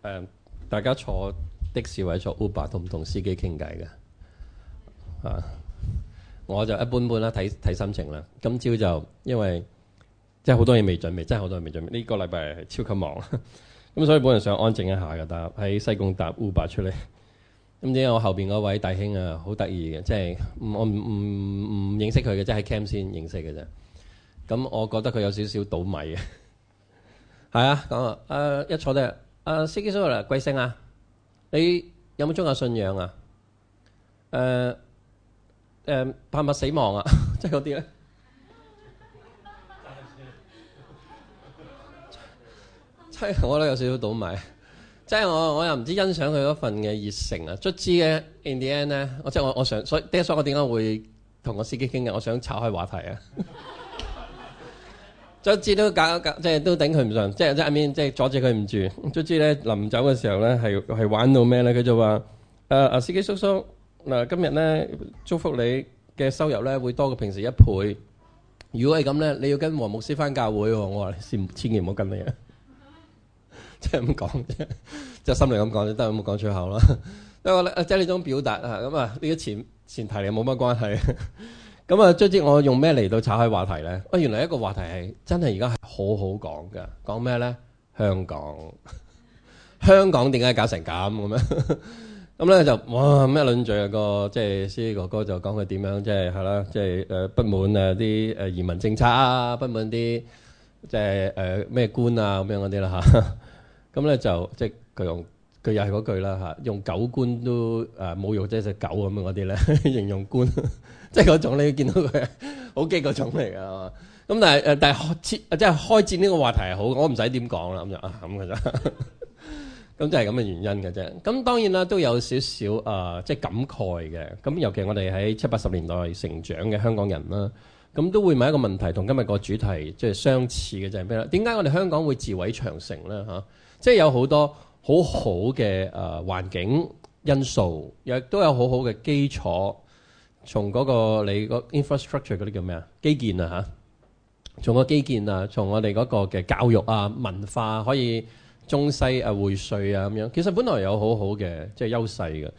誒、呃，大家坐的士或者坐 Uber 同唔同司機傾偈㗎？啊，我就一般般啦，睇睇心情啦。今朝就因為即係好多嘢未準備，真係好多嘢未準備。呢、這個禮拜係超級忙，咁、啊、所以本人想安靜一下㗎。搭喺西貢搭 Uber 出嚟，咁點解我後邊嗰位大兄啊好得意嘅？即係我唔唔唔認識佢嘅，即係喺 Cam 先認識嘅啫。咁、啊、我覺得佢有少少倒米嘅，係啊，咁啊，誒，一坐低。誒，司機叔叔啊，貴姓啊？你有冇宗教信仰啊？誒、啊、誒，怕唔怕死亡啊？即係嗰啲咧，即係 我覺得有少少倒迷。即 係我我又唔知欣賞佢嗰份嘅熱誠啊。卒之咧，in the end 咧，我即係我我想，所以爹一，我點解會同個司機傾偈？我想岔開話題啊。卒之都搞搞，即係都頂佢唔順，即係 I mean, 即係面，即係阻止佢唔住。卒之咧臨走嘅時候咧，係係玩到咩咧？佢就話，誒、啊，阿司機叔叔，嗱、啊，今日咧祝福你嘅收入咧會多過平時一倍。如果係咁咧，你要跟黃牧師翻教會喎、哦。我話，先千祈唔好跟你啊！即係咁講，即、就、係、是、心裏咁講，都冇講出口啦。不過咧，即係呢種表達啊，咁啊，呢個前前提你冇乜關係。咁啊，即接、嗯、我用咩嚟到炒開話題咧？喂、啊，原來一個話題係真係而家係好好講㗎。講咩咧？香港，香港點解搞成咁咁樣？咁、嗯、咧、嗯、就哇咩論罪啊？那個即係、就是、c 思哥哥就講佢點樣，即係係啦，即係誒不滿誒啲誒移民政策啊，不滿啲即係誒咩官啊咁樣嗰啲啦，吓，咁咧，就即係佢用。佢又係嗰句啦吓，用狗官都誒侮辱，即係隻狗咁樣嗰啲咧，形容官即係嗰種。你要見到佢好激嗰種嚟㗎。咁但係誒，但係開戰即係開戰呢個話題係好，我唔使點講啦。咁就是、啊咁嘅啫。咁就係咁嘅原因嘅啫。咁當然啦，都有少少誒，即係感慨嘅。咁尤其我哋喺七八十年代成長嘅香港人啦，咁都會問一個問題，同今日個主題即係相似嘅就係咩咧？點解我哋香港會自毀長城咧？吓，即係有好多。好好嘅誒環境因素，亦都有好好嘅基礎。從嗰、那個你那個 infrastructure 嗰啲叫咩啊？基建啊嚇！從個基建啊，從我哋嗰個嘅教育啊、文化、啊，可以中西啊匯萃啊咁樣。其實本來有好好嘅即係優勢嘅。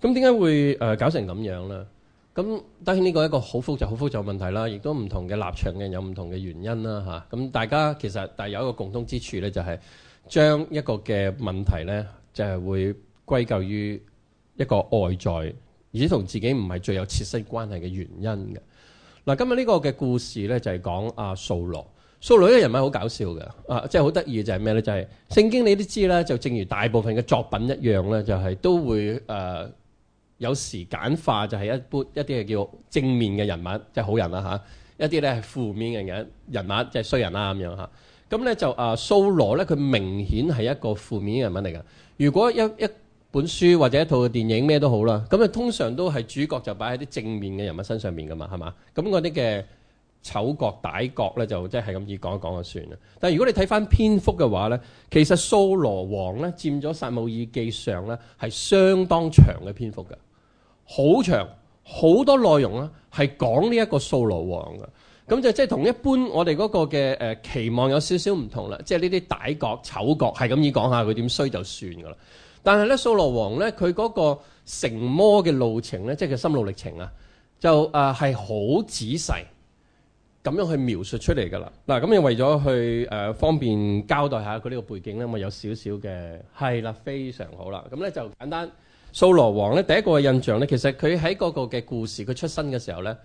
咁點解會誒、呃、搞成咁樣咧？咁當然呢個一個好複雜、好複雜問題啦、啊。亦都唔同嘅立場嘅人有唔同嘅原因啦、啊、嚇。咁、啊、大家其實但係有一個共通之處咧，就係、是。將一個嘅問題呢，就係、是、會歸咎於一個外在，而且同自己唔係最有切身關係嘅原因嘅。嗱、啊，今日呢個嘅故事呢，就係講阿掃羅。掃羅嘅人物好搞笑嘅，啊，即係好得意就係、是、咩呢？就係、是、聖經你都知啦，就正如大部分嘅作品一樣呢，就係、是、都會誒、啊、有時簡化，就係一般一啲嘅叫正面嘅人物，即、就、係、是、好人啦、啊、嚇、啊；一啲呢，係負面嘅人人物，即係衰人啦咁樣嚇。就是咁咧就啊，蘇羅咧，佢明顯係一個負面人物嚟噶。如果一一本書或者一套電影咩都好啦，咁就通常都係主角就擺喺啲正面嘅人物身上面噶嘛，係嘛？咁嗰啲嘅醜角歹角咧就即係咁易講一講就算啦。但如果你睇翻篇幅嘅話咧，其實蘇羅王咧佔咗撒母耳記上咧係相當長嘅篇幅㗎。好長，好多內容呢，係講呢一個蘇羅王嘅。咁就即係同一般我哋嗰個嘅期望有少少唔同啦，即係呢啲大角、丑角係咁樣講下佢點衰就算噶啦。但係咧，掃羅王咧佢嗰個成魔嘅路程咧，即係佢心路歷程啊，就誒係好仔細咁樣去描述出嚟噶啦。嗱、啊，咁又為咗去誒、呃、方便交代下佢呢個背景咧，我有少少嘅係啦，非常好啦。咁咧就簡單，掃羅王咧第一個嘅印象咧，其實佢喺嗰個嘅故事佢出生嘅時候咧。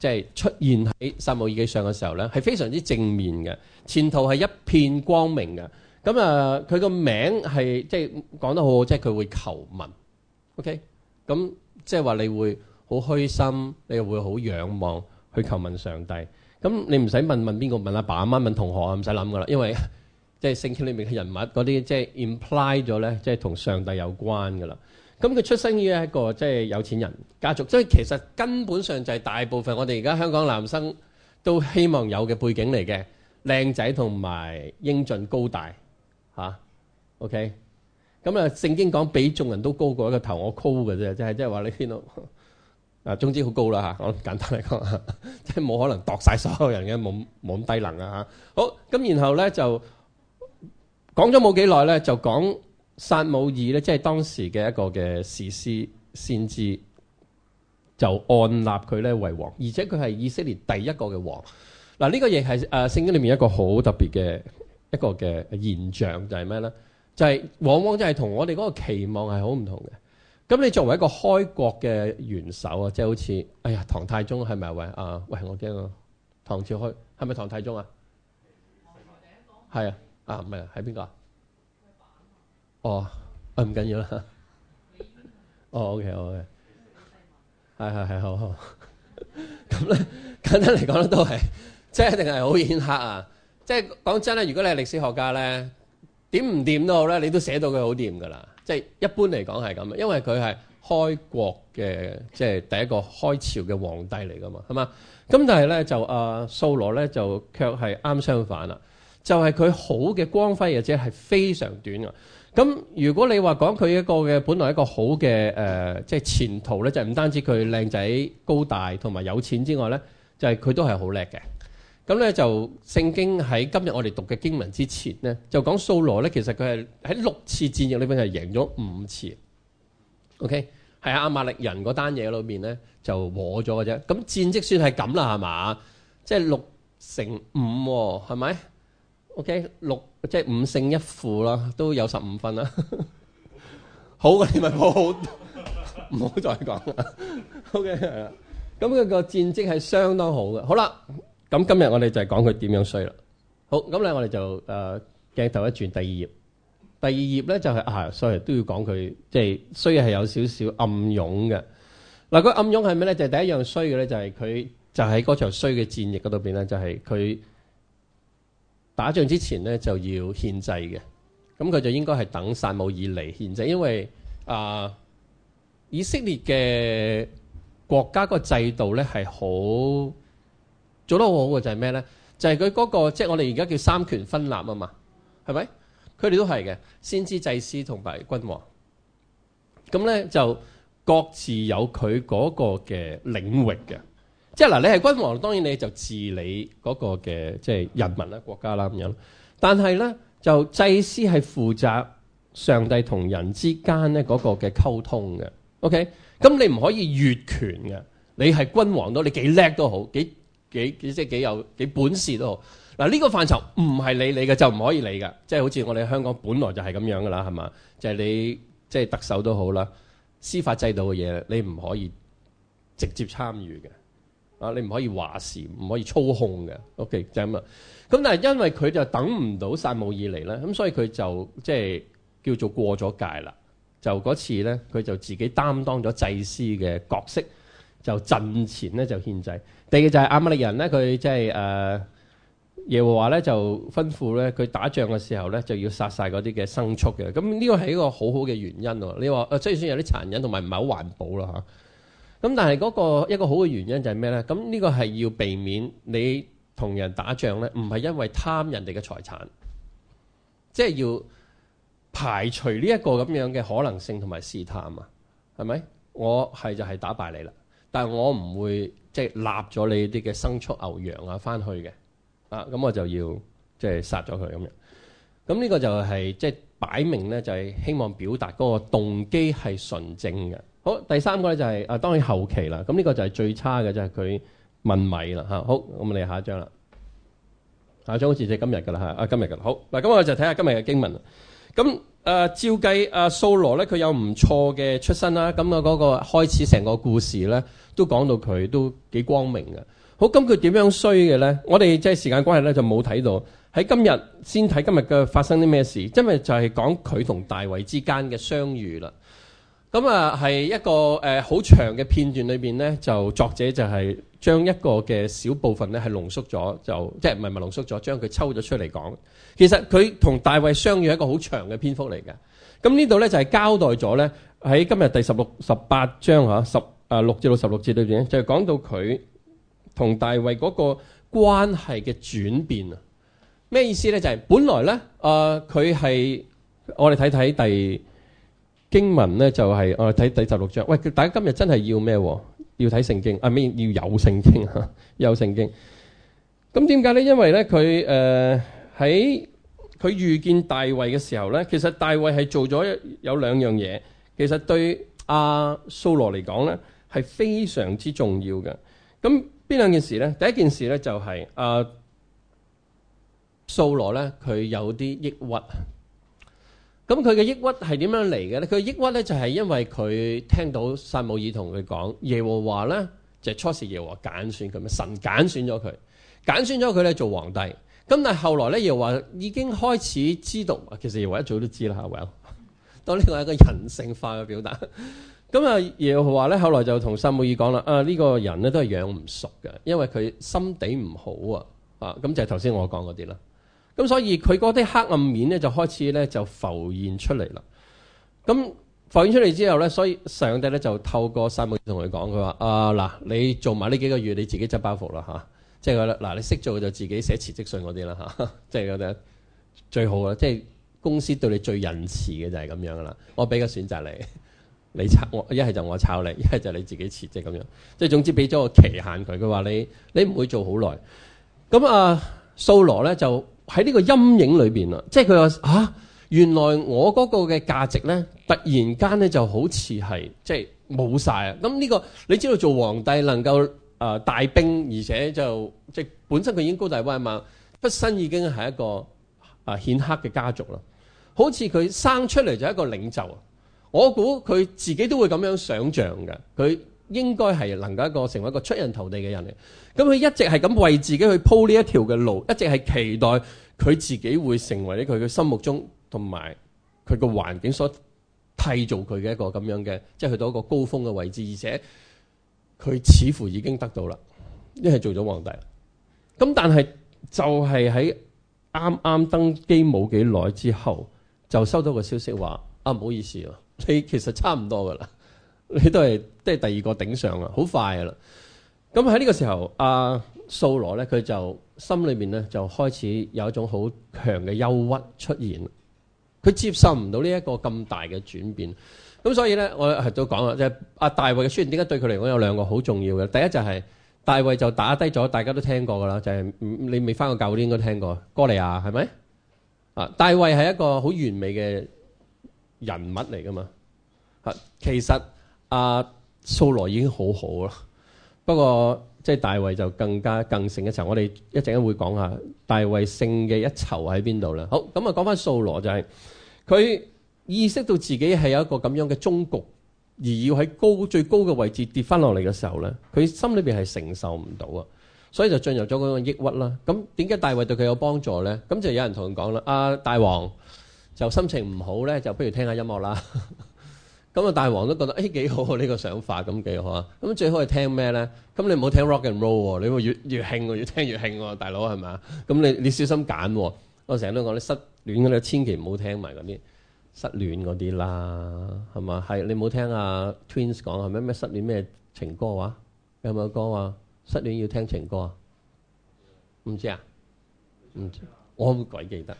即係出現喺撒母耳記上嘅時候咧，係非常之正面嘅，前途係一片光明嘅。咁啊，佢、呃、個名係即係講得好好，即係佢會求問。OK，咁即係話你會好虛心，你又會好仰望去求問上帝。咁你唔使問問邊個，問阿爸阿媽，問同學，唔使諗噶啦，因為即係聖經裏面嘅人物嗰啲，即係 imply 咗咧，即係同上帝有關噶啦。咁佢出生於一個即係有錢人家族，所以其實根本上就係大部分我哋而家香港男生都希望有嘅背景嚟嘅，靚仔同埋英俊高大嚇。OK，咁啊聖經講比眾人都高過一個頭，我高嘅啫，就係即係話你見到啊，總之好高啦嚇。我簡單嚟講，即係冇可能度晒所有人嘅，冇冇咁低能啊嚇。好，咁然後咧就講咗冇幾耐咧就講。撒母耳咧，即係當時嘅一個嘅士師，先至就按立佢咧為王，而且佢係以色列第一個嘅王。嗱，呢個亦係誒聖經裏面一個好特別嘅一個嘅現象，就係咩咧？就係往往就係同我哋嗰個期望係好唔同嘅。咁你作為一個開國嘅元首啊，即係好似，哎呀，唐太宗係咪啊，啊？喂，我驚啊，唐朝開係咪唐太宗啊？唐太宗係啊？啊唔係，係邊個啊？哦，誒、啊、唔緊要啦。哦，OK，OK，係係係，好、okay, 好、okay。咁咧，簡單嚟講咧，都係即係一定係好顯赫啊！即係講真咧，如果你係歷史學家咧，點唔掂都好咧，你都寫到佢好掂噶啦。即係一般嚟講係咁，因為佢係開國嘅，即係第一個開朝嘅皇帝嚟噶嘛，係嘛？咁、嗯、但係咧就阿、啊、掃羅咧就卻係啱相反啦。就係佢好嘅光輝，或者係非常短嘅。咁如果你話講佢一個嘅本來一個好嘅誒，即係前途咧，就唔、是、單止佢靚仔高大同埋有錢之外咧，就係、是、佢都係好叻嘅。咁咧就聖經喺今日我哋讀嘅經文之前咧，就講掃羅咧，其實佢係喺六次戰役裏邊係贏咗五次。OK，係啊，亞瑪力人嗰單嘢裏面咧就和咗嘅啫。咁戰績算係咁啦，係嘛？即、就、係、是、六乘五、哦，係咪？O、okay, K，六即係五勝一負啦，都有十五分啦。 好嘅，的，你咪好，唔好再講啦。O K，係啦。咁佢個戰績係相當好嘅。好啦，咁今日我哋就係講佢點樣衰啦。好，咁咧我哋就誒啊、鏡頭一轉，第二頁，第二頁咧就係、是、啊，sorry，都要講佢即係衰係有少少暗湧嘅。嗱、那，個暗湧係咩咧？就係、第一樣衰嘅咧，就係佢就喺嗰場衰嘅戰役嗰度邊咧，就係佢。打仗之前咧就要獻祭嘅，咁佢就應該係等撒母耳嚟獻祭因為啊以色列嘅國家個制度咧係好做得很好好嘅，就係咩咧？就係佢嗰個、即係、就是，我哋而家叫三權分立啊嘛，係咪？佢哋都係嘅，先知、祭司同埋君王，咁咧就各自有佢嗰個嘅領域嘅。即係嗱，你係君王，當然你就治理嗰個嘅即係人民啦、國家啦咁樣。但係咧，就祭司係負責上帝同人之間咧嗰個嘅溝通嘅。OK，咁，嗯，你唔可以越權嘅。你係君王都，你幾叻都好，幾幾即係幾有幾本事都好。嗱，呢個範疇唔係你理嘅，就唔可以理嘅。即係好似我哋香港本來就係咁樣噶啦，係嘛？就係你即係特首都好啦，司法制度嘅嘢你唔可以直接參與嘅。啊！你唔可以話事，唔可以操控嘅。OK，就咁啊。咁但係因為佢就等唔到撒母耳嚟呢，咁所以佢就即係、就是、叫做過咗界啦。就嗰次咧，佢就自己擔當咗祭司嘅角色，就陣前咧就獻祭。第二個就係亞瑪力人咧，佢即係誒耶和華咧就吩咐咧，佢打仗嘅時候咧就要殺晒嗰啲嘅牲畜嘅。咁呢個係一個好好嘅原因喎。你話即係算有啲殘忍同埋唔係好環保啦嚇。咁但係嗰個一個好嘅原因就係咩呢？咁呢個係要避免你同人打仗呢唔係因為貪,貪人哋嘅財產，即係要排除呢一個咁樣嘅可能性同埋試探啊，係咪？我係就係打敗你啦，但係我唔會即係立咗你啲嘅牲畜牛羊啊翻去嘅啊，咁我就要即係殺咗佢咁樣。咁呢個就係即係擺明呢，就係希望表達嗰個動機係純正嘅。好，第三個咧就係啊，當然後期啦，咁呢個就係最差嘅，就係佢問米啦嚇。好，咁我哋下一張啦，下一張好似就今日噶啦嚇，啊今日噶啦。好，嗱咁我就睇下今日嘅經文啦。咁啊，照計啊，掃羅咧佢有唔錯嘅出身啦，咁啊嗰個開始成個故事咧都講到佢都幾光明嘅。好，咁佢點樣衰嘅咧？我哋即係時間關係咧就冇睇到，喺今日先睇今日嘅發生啲咩事，因為就係講佢同大衛之間嘅相遇啦。咁啊，係、嗯、一個誒好、呃、長嘅片段裏邊咧，就作者就係將一個嘅小部分咧係濃縮咗，就即係唔係唔係濃縮咗，將佢抽咗出嚟講。其實佢同大衛相遇係一個好長嘅篇幅嚟嘅。咁、嗯、呢度咧就係、是、交代咗咧喺今日第十六十八章啊十啊六至到十六節裏邊，就係講到佢同大衛嗰個關係嘅轉變啊。咩意思咧？就係、是、本來咧，誒佢係我哋睇睇第。經文咧就係我睇第十六章，喂，大家今日真係要咩？要睇聖經啊？咩？要有聖經啊？有聖經。咁點解呢？因為呢，佢誒喺佢遇見大衛嘅時候呢，其實大衛係做咗有兩樣嘢，其實對阿掃羅嚟講呢，係非常之重要嘅。咁邊兩件事呢？第一件事、就係啊、呢，就係阿掃羅呢，佢有啲抑鬱。咁佢嘅抑鬱係點樣嚟嘅咧？佢嘅抑鬱咧就係、是、因為佢聽到撒母耳同佢講耶和華咧就是、初時耶和華揀選佢，神揀選咗佢，揀選咗佢咧做皇帝。咁但係後來咧耶和華已經開始知道，其實耶和華一早都知啦。Well，當呢個係一個人性化嘅表達。咁啊 耶和華咧後來就同撒母耳講啦，啊呢、這個人咧都係養唔熟嘅，因為佢心地唔好啊。啊，咁就係頭先我講嗰啲啦。咁所以佢嗰啲黑暗面咧就開始咧就浮現出嚟啦。咁浮現出嚟之後咧，所以上帝咧就透過撒母耳同佢講，佢話啊嗱，你做埋呢幾個月，你自己執包袱啦吓，即係嗱，你識做就自己寫辭職信嗰啲啦吓，即係覺得最好啦，即係公司對你最仁慈嘅就係咁樣啦。我俾個選擇你，你炒我，一係就我炒你，一係就你自己辭職咁樣，即係總之俾咗個期限佢。佢話你你唔會做好耐。咁啊，掃羅咧就。喺呢個陰影裏面，即係佢話啊原來我嗰個嘅價值呢，突然間呢就好似係即係冇晒。啊、即係！咁呢、呢個你知道做皇帝能夠誒帶、呃、兵，而且就即、即係、本身佢已經高大威猛，出身已經係一個誒顯赫嘅家族啦。好似佢生出嚟就係一個領袖，我估佢自己都會咁樣想像嘅佢。應該係能夠一個成為一個出人頭地嘅人嚟，咁佢一直係咁為自己去鋪呢一條嘅路，一直係期待佢自己會成為佢嘅心目中同埋佢嘅環境所替做佢嘅一個咁樣嘅，即係去到一個高峰嘅位置，而且佢似乎已經得到啦，因為做咗皇帝，咁但係就係喺啱啱登基冇幾耐之後，就收到一個消息話：啊唔好意思啊，你其實差唔多㗎喇。你都係，即係第二個頂上啊，好快噶啦。咁喺呢個時候，阿掃羅咧，佢就心裏面咧就開始有一種好強嘅憂鬱出現。佢接受唔到呢一個咁大嘅轉變。咁所以咧，我都講啦，即係阿大衛嘅宣言，點解對佢嚟講有兩個好重要嘅？第一就係大衛就打低咗，大家都聽過噶啦，就係、是、你未翻過舊啲應該聽過。哥利亞係咪？啊，大衛係一個好完美嘅人物嚟噶嘛。吓、啊，其實。阿、啊、掃羅已經好好啦，不過即係、就是、大衛就更加更勝一籌。我哋一陣間會講下大衛勝嘅一籌喺邊度啦。好咁啊，講翻掃羅就係、是、佢意識到自己係有一個咁樣嘅中局，而要喺高最高嘅位置跌翻落嚟嘅時候咧，佢心裏邊係承受唔到啊，所以就進入咗嗰種抑鬱啦。咁點解大衛對佢有幫助咧？咁就有人同佢講啦：阿、啊、大王就心情唔好咧，就不如聽下音樂啦。咁啊，大王都覺得誒幾好喎，呢個想法咁幾好啊！咁最好係聽咩咧？咁你唔好聽 rock and roll 你會越越興越聽越興喎，大佬係嘛？咁你你小心揀喎。我成日都講你失戀嘅咧，千祈唔好聽埋嗰啲失戀嗰啲啦，係嘛？係，你唔好聽啊 twins 講係咪咩失戀咩情歌啊？有冇歌啊？失戀要聽情歌啊？唔知啊？唔知，我鬼記得。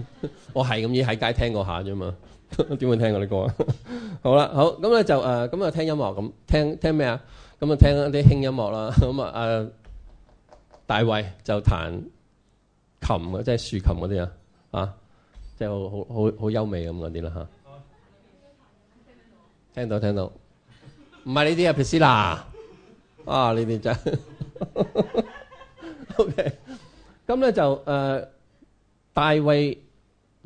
我係咁樣喺街聽過下啫嘛，點會聽嗰啲歌、 呃 呃、啊？好啦，好咁咧就誒咁啊聽音樂咁聽聽咩啊？咁啊聽一啲輕音樂啦，咁啊阿大衛就彈琴嘅，即係豎琴嗰啲啊，啊即係好好好優美咁嗰啲啦吓。聽到聽到，唔係呢啲啊皮斯娜，啊呢啲真 OK。咁咧就誒大衛。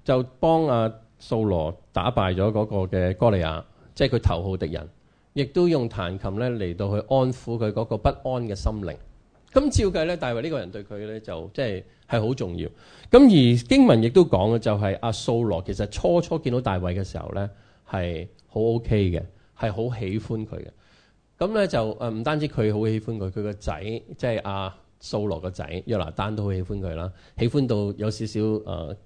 就幫阿、啊、掃羅打敗咗嗰個嘅歌利亞，即係佢頭號敵人，亦都用彈琴咧嚟到去安撫佢嗰個不安嘅心靈。咁照計咧，大衛呢個人對佢咧就即係係好重要。咁而經文亦都講嘅就係阿、啊、掃羅其實初初見到大衛嘅時候咧係好 OK 嘅，係好、OK、喜歡佢嘅。咁咧就唔單止佢好喜歡佢，佢個仔即係阿掃羅個仔約拿單都好喜歡佢啦，喜歡到有少少、呃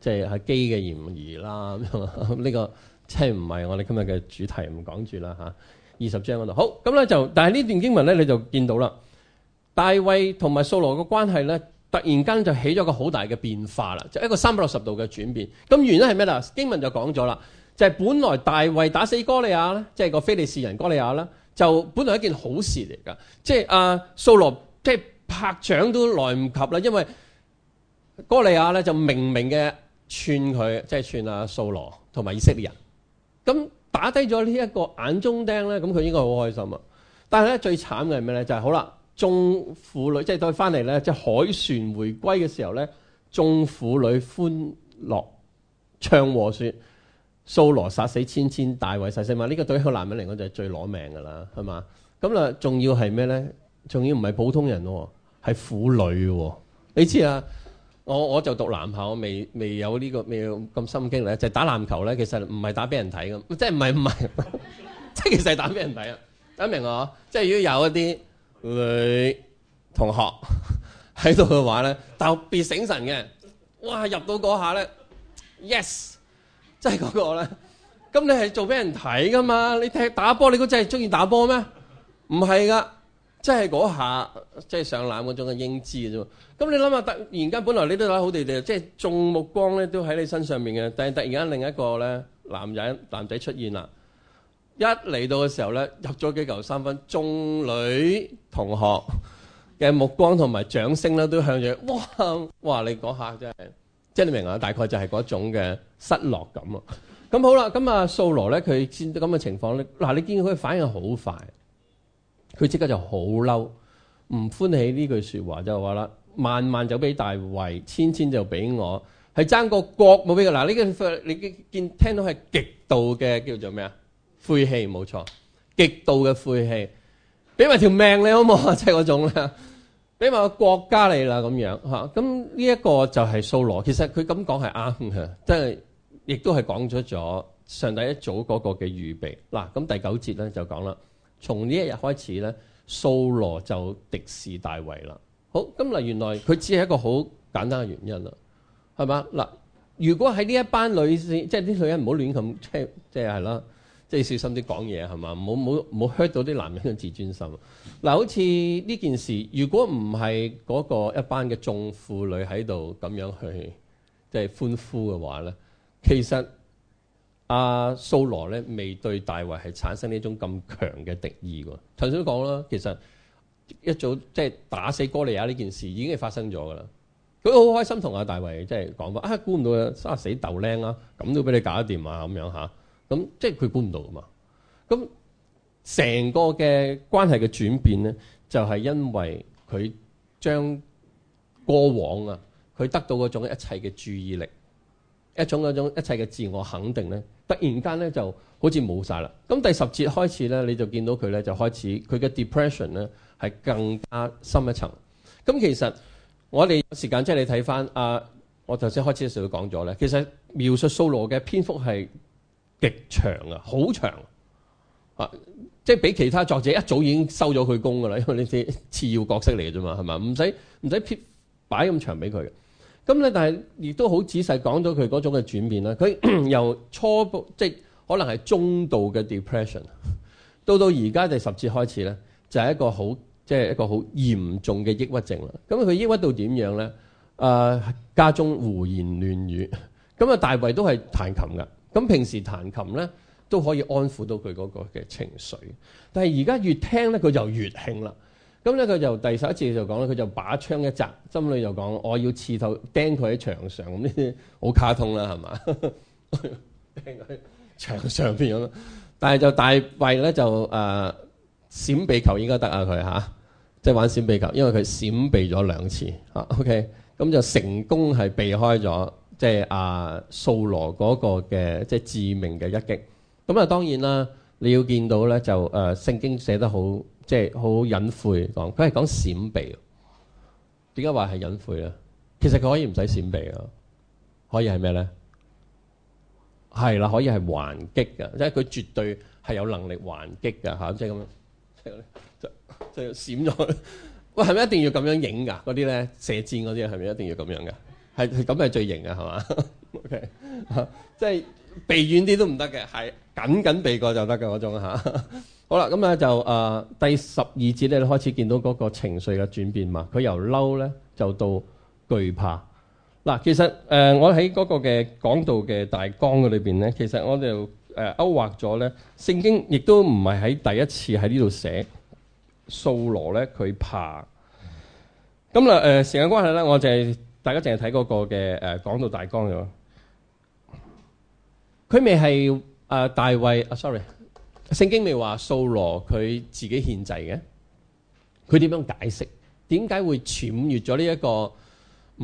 即係機嘅嫌疑啦，呢、 呢個即係唔係我哋今日嘅主題，唔講住啦吓。二十章嗰度，好咁咧就，但係呢段經文咧你就見到啦，大衛同埋掃羅嘅關係咧，突然間就起咗個好大嘅變化啦，就一個三百六十度嘅轉變。咁原因係咩啦？經文就講咗啦，就係、是、本來大衛打死哥利亞咧，即、就、係、是、個非利士人哥利亞啦，就本來係一件好事嚟㗎，即係阿掃羅即係、就是、拍掌都來唔及啦，因為哥利亞咧就明明嘅。串佢，即係串阿掃羅同埋以色列人，咁打低咗呢一個眼中釘咧，咁佢應該好開心啊！但係咧最慘嘅係咩咧？就係好啦，眾婦女即係佢翻嚟咧，即係凱旋回歸嘅時候咧，眾婦女歡樂唱和説：掃羅殺死千千大衛細細嘛！呢個對一個男人嚟講就係最攞命㗎啦，係嘛？咁啦，仲要係咩咧？仲要唔係普通人喎，係婦女喎，你知啊？我我就讀男校，未未有呢、這個未有咁心情咧，就是、打籃球咧。其實唔係打俾人睇㗎，即係唔係唔係，即係其實係打俾人睇啦。諗明我？即係如果有一啲女同學喺度嘅話咧，特別醒神嘅，哇！入到嗰下咧，yes，即係嗰個咧。咁你係做俾人睇㗎嘛？你踢打波，你估真係中意打波咩？唔係㗎。即係嗰下，即係上籃嗰種嘅英姿嘅啫。咁你諗下，突然間本來你都打得好哋哋，即係眾目光咧都喺你身上面嘅。但係突然間另一個咧男人男仔出現啦，一嚟到嘅時候咧，入咗幾球三分，眾女同學嘅目光同埋掌聲咧都向住，哇哇！你嗰下真係，即係你明啊？大概就係嗰種嘅失落感啊。咁好啦，咁啊，掃羅咧佢見到咁嘅情況咧，嗱你見佢反應好快，佢即刻就好嬲，唔歡喜呢句說話就話啦：萬萬就俾大衛，千千就俾我，係爭個國冇俾佢。嗱，呢個你見聽到係極度嘅叫做咩啊？晦氣，冇錯，極度嘅晦氣，俾埋條命你好唔好啊？即係嗰種啦，俾埋個國家你啦咁樣吓。咁呢一個就係掃羅。其實佢咁講係啱嘅，即係亦都係講出咗上帝一早嗰個嘅預備。嗱，咁第九節咧就講啦。從呢一日開始咧，掃羅就敵視大衛啦。好，咁嗱，原來佢只係一個好簡單嘅原因啦，係嘛？嗱，如果喺呢一班女士，即係啲女人唔好，唔好亂咁即係即係係啦，即係，即係小心啲講嘢係嘛？唔好唔好唔好 hurt 到啲男人嘅自尊心。嗱，好似呢件事，如果唔係嗰個一班嘅眾婦女喺度咁樣去即係，即係歡呼嘅話咧，其實。阿掃羅咧未對大衛係產生呢種咁強嘅敵意噶頭先都講啦，其實一早即係、就是、打死歌利亞呢件事已經發生咗噶啦，佢好開心同阿大衛即係講話，啊估唔到啊，死豆僆啦，啊，咁都俾你搞掂啊咁樣吓，咁即係佢估唔到噶嘛，咁成個嘅關係嘅轉變咧，就係、是、因為佢將過往啊，佢得到嗰種一切嘅注意力。一種一種一切嘅自我肯定咧，突然間咧就好似冇晒啦。咁第十節開始咧，你就見到佢咧就開始佢嘅 depression 咧係更加深一層。咁其實我哋有時間即係你睇翻啊，我頭先開始嘅時候都講咗咧，其實描述掃羅嘅篇幅係極長啊，好長啊，即係俾其他作者一早已經收咗佢工噶啦，因為呢啲次要角色嚟嘅啫嘛，係咪？唔使唔使撇擺咁長俾佢嘅。咁咧，但係亦都好仔細講到佢嗰種嘅轉變啦。佢由初步，即可能係中度嘅 depression，到到而家第十節開始咧，就係一個好，即係一個好嚴重嘅抑鬱症啦。咁佢抑鬱到點樣咧、呃？家中胡言亂語。咁啊，大衛都係彈琴㗎。咁平時彈琴咧都可以安撫到佢嗰個嘅情緒。但係而家越聽咧，佢就越興啦。咁咧，佢就第十一節就講咧，佢就把槍一擲，心裏就講：我要刺透釘佢喺牆上。咁呢啲好卡通啦，係嘛？釘佢喺牆上邊咁。但係就大衞咧就誒、呃、閃避球應該得啊佢嚇，即、就、係、是、玩閃避球，因為佢閃避咗兩次啊。OK，咁就成功係避開咗即係阿掃羅嗰個嘅即係致命嘅一擊。咁啊當然啦，你要見到咧就誒、呃、聖經寫得好。即係好隱晦講，佢係講閃避。點解話係隱晦咧？其實佢可以唔使閃避嘅，可以係咩咧？係啦，可以係還擊嘅，即係佢絕對係有能力還擊嘅嚇，即係咁樣，即係閃咗。喂，係咪一定要咁樣影噶？嗰啲咧射箭嗰啲係咪一定要咁樣嘅？係咁係最型嘅係嘛？O K，嚇，即係。避遠啲都唔得嘅，係緊緊避過就得嘅嗰種吓。 好啦，咁咧就誒、呃、第十二節咧開始見到嗰個情緒嘅轉變嘛。佢由嬲咧就到懼怕。嗱，其實誒、呃、我喺嗰個嘅講道嘅大綱裏邊咧，其實我哋誒勾畫咗咧，聖經亦都唔係喺第一次喺呢度寫掃羅咧佢怕。咁啦，誒、呃、時間關係咧，我就係大家淨係睇嗰個嘅誒講道大綱咗。佢未係啊，大衛啊，sorry，聖經未話掃羅佢自己獻祭嘅，佢點樣解釋？點解會僭越咗呢一個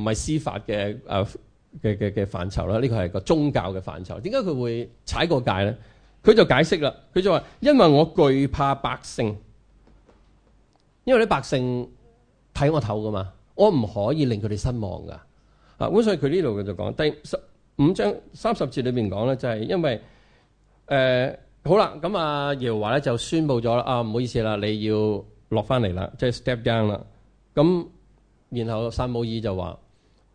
唔係司法嘅誒嘅嘅嘅範疇啦？呢個係個宗教嘅範疇，點解佢會踩過界咧？佢就解釋啦，佢就話：因為我懼怕百姓，因為啲百姓睇我頭噶嘛，我唔可以令佢哋失望噶。啊，咁所以佢呢度佢就講五章三十節裏面講咧，就係因為誒、呃、好啦，咁啊耶和華咧就宣佈咗啦，啊唔好意思啦，你要落翻嚟啦，即係 step down 啦。咁然後撒母耳就話：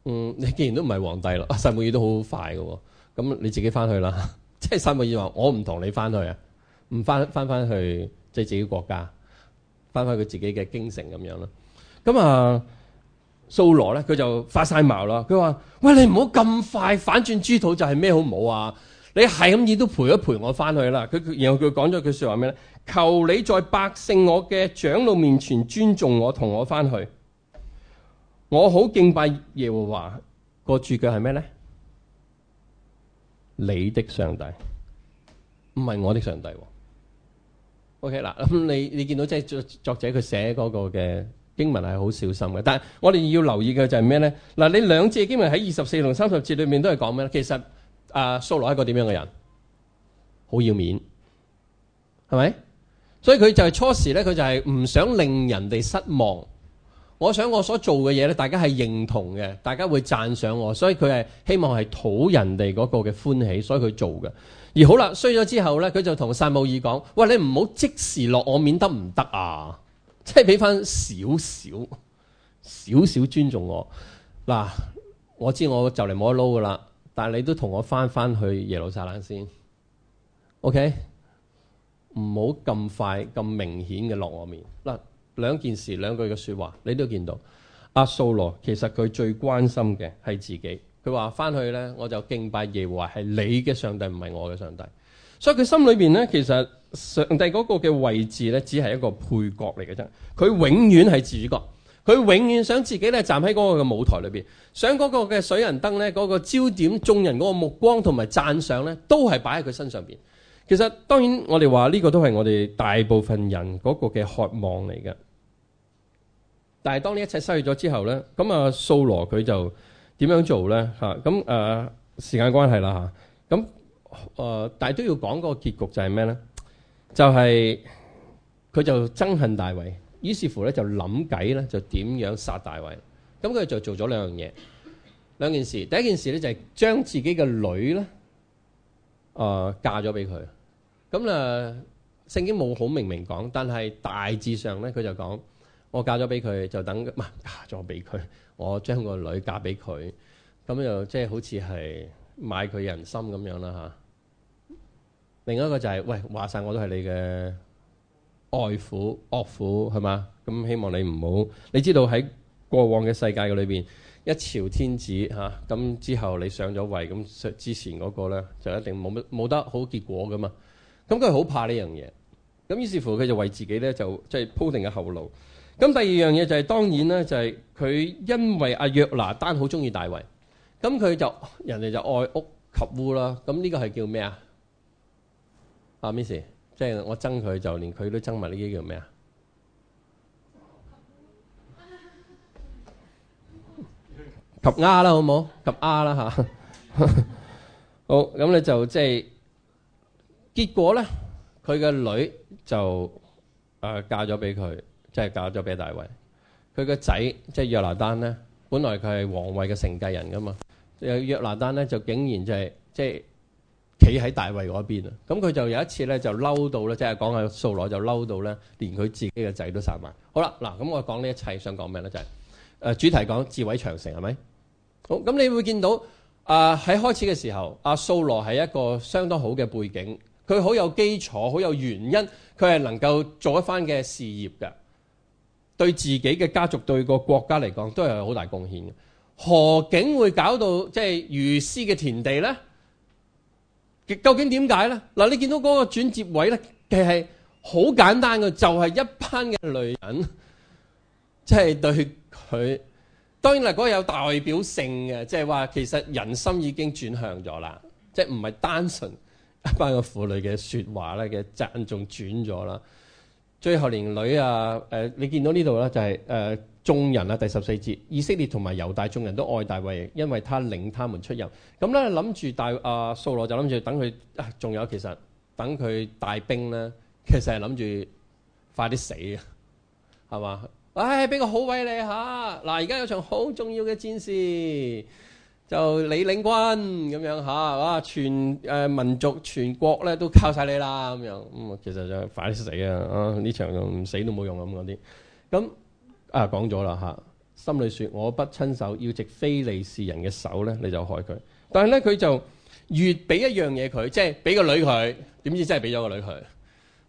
嗯，你既然都唔係皇帝啦，啊，撒母耳都好快㗎喎，咁你自己翻去啦。即係撒母耳話：我唔同你翻去啊，唔翻翻翻去，即係自己國家，翻翻佢自己嘅京城咁樣啦。咁啊～掃羅咧，佢就發晒矛啦。佢話：喂，你唔好咁快反轉豬肚，就係咩好唔好啊？你係咁意都陪一陪我翻去啦。佢然後佢講咗句話說話咩咧？求你在百姓我嘅長老面前尊重我，同我翻去。我好敬拜耶和華、那個主角係咩咧？你的上帝唔係我的上帝。O K 嗱，咁你你見到即係作作者佢寫嗰個嘅。經文係好小心嘅，但係我哋要留意嘅就係咩呢？嗱，你兩節經文喺二十四同三十節裏面都係講咩咧？其實阿蘇羅係一個點樣嘅人，好要面，係咪？所以佢就係初時呢，佢就係唔想令人哋失望。我想我所做嘅嘢呢，大家係認同嘅，大家會讚賞我，所以佢係希望係討人哋嗰個嘅歡喜，所以佢做嘅。而好啦，衰咗之後呢，佢就同撒母耳講：喂，你唔好即時落我面得唔得啊？即係俾翻少少少少尊重我嗱，我知我就嚟冇得撈噶啦，但係你都同我翻翻去耶路撒冷先，OK？唔好咁快咁明顯嘅落我面嗱，兩件事兩句嘅說話，你都見到阿掃羅其實佢最關心嘅係自己，佢話翻去呢，我就敬拜耶和華係你嘅上帝，唔係我嘅上帝。所以佢心裏面呢，其實上帝嗰個嘅位置呢，只係一個配角嚟嘅啫。佢永遠係主角，佢永遠想自己呢，站喺嗰個嘅舞台裏面，想嗰個嘅水人燈呢，嗰個焦點、眾人嗰個目光同埋讚賞呢，都係擺喺佢身上面。其實當然我哋話呢個都係我哋大部分人嗰個嘅渴望嚟嘅。但係當呢一切失去咗之後呢，咁啊，掃羅佢就點樣做呢？咁誒，時間關係啦咁。誒、呃，但係都要講個結局就係咩咧？就係、是、佢就憎恨大衛，於是乎咧就諗計咧，就點樣殺大衛？咁佢就做咗兩樣嘢，兩件事。第一件事咧就係、是、將自己嘅女咧，誒、呃、嫁咗俾佢。咁咧聖經冇好明明講，但係大致上咧佢就講我嫁咗俾佢，就等唔係、呃、嫁咗俾佢，我將個女嫁俾佢，咁就即係好似係買佢人心咁樣啦吓。啊另一個就係、是，喂，話晒我都係你嘅外父岳父係嘛？咁希望你唔好，你知道喺過往嘅世界嘅裏邊，一朝天子嚇，咁、啊、之後你上咗位，咁之前嗰個咧就一定冇乜冇得好結果㗎嘛。咁佢好怕呢樣嘢，咁於是乎佢就為自己咧就即係、就是、鋪定嘅後路。咁第二樣嘢就係、是、當然咧，就係、是、佢因為阿約拿丹好中意大衛，咁佢就人哋就愛屋及烏啦。咁呢個係叫咩啊？啊，Miss，即係我憎佢就連佢都憎埋呢啲叫咩啊？及鴨啦，好冇？及鴨啦吓！啊、 好，咁咧就即係結果咧，佢嘅女就誒、呃、嫁咗俾佢，即係嫁咗俾大衛。佢嘅仔即係約拿單咧，本來佢係皇位嘅承繼人噶嘛。有約拿單咧就竟然就係、是、即係。企喺大衛嗰邊啊，咁佢就有一次呢，就嬲到、就是、到呢即係講阿掃羅就嬲到呢連佢自己嘅仔都殺埋。好啦，嗱，咁我講呢一切想講咩呢？就係、是、誒、呃，主題講自毀長城係咪？好，咁你會見到啊喺、呃、開始嘅時候，阿、啊、掃羅係一個相當好嘅背景，佢好有基礎，好有原因，佢係能夠做一番嘅事業嘅，對自己嘅家族、對個國家嚟講，都係好大貢獻嘅。何竟會搞到即係如斯嘅田地呢？究竟點解呢？嗱，你見到嗰個轉接位呢，其實好簡單嘅，就係、是、一班嘅女人，即、就、係、是、對佢。當然啦，嗰個有代表性嘅，即係話其實人心已經轉向咗啦，即係唔係單純一班嘅婦女嘅説話咧嘅讚頌轉咗啦。最後連女啊，誒、呃，你見到呢度咧，就係、是、誒。呃眾人啊，第十四節，以色列同埋猶大眾人都愛大衛，因為他領他們出入。咁咧諗住大阿掃羅就諗住等佢，啊仲有其實等佢帶兵咧，其實係諗住快啲死啊，係嘛？唉，俾個好位你吓，嗱而家有一場好重要嘅戰事，就你領軍咁樣吓，哇、啊！全誒、啊、民族全國咧都靠晒你啦，咁樣咁、嗯、其實就快啲死啊！啊呢場唔死都冇用咁嗰啲，咁。啊，講咗啦吓，心裏說：「我不親手要藉非利士人嘅手咧，你就害佢。但係咧，佢就越俾一樣嘢佢，即係俾個女佢，點知真係俾咗個女佢。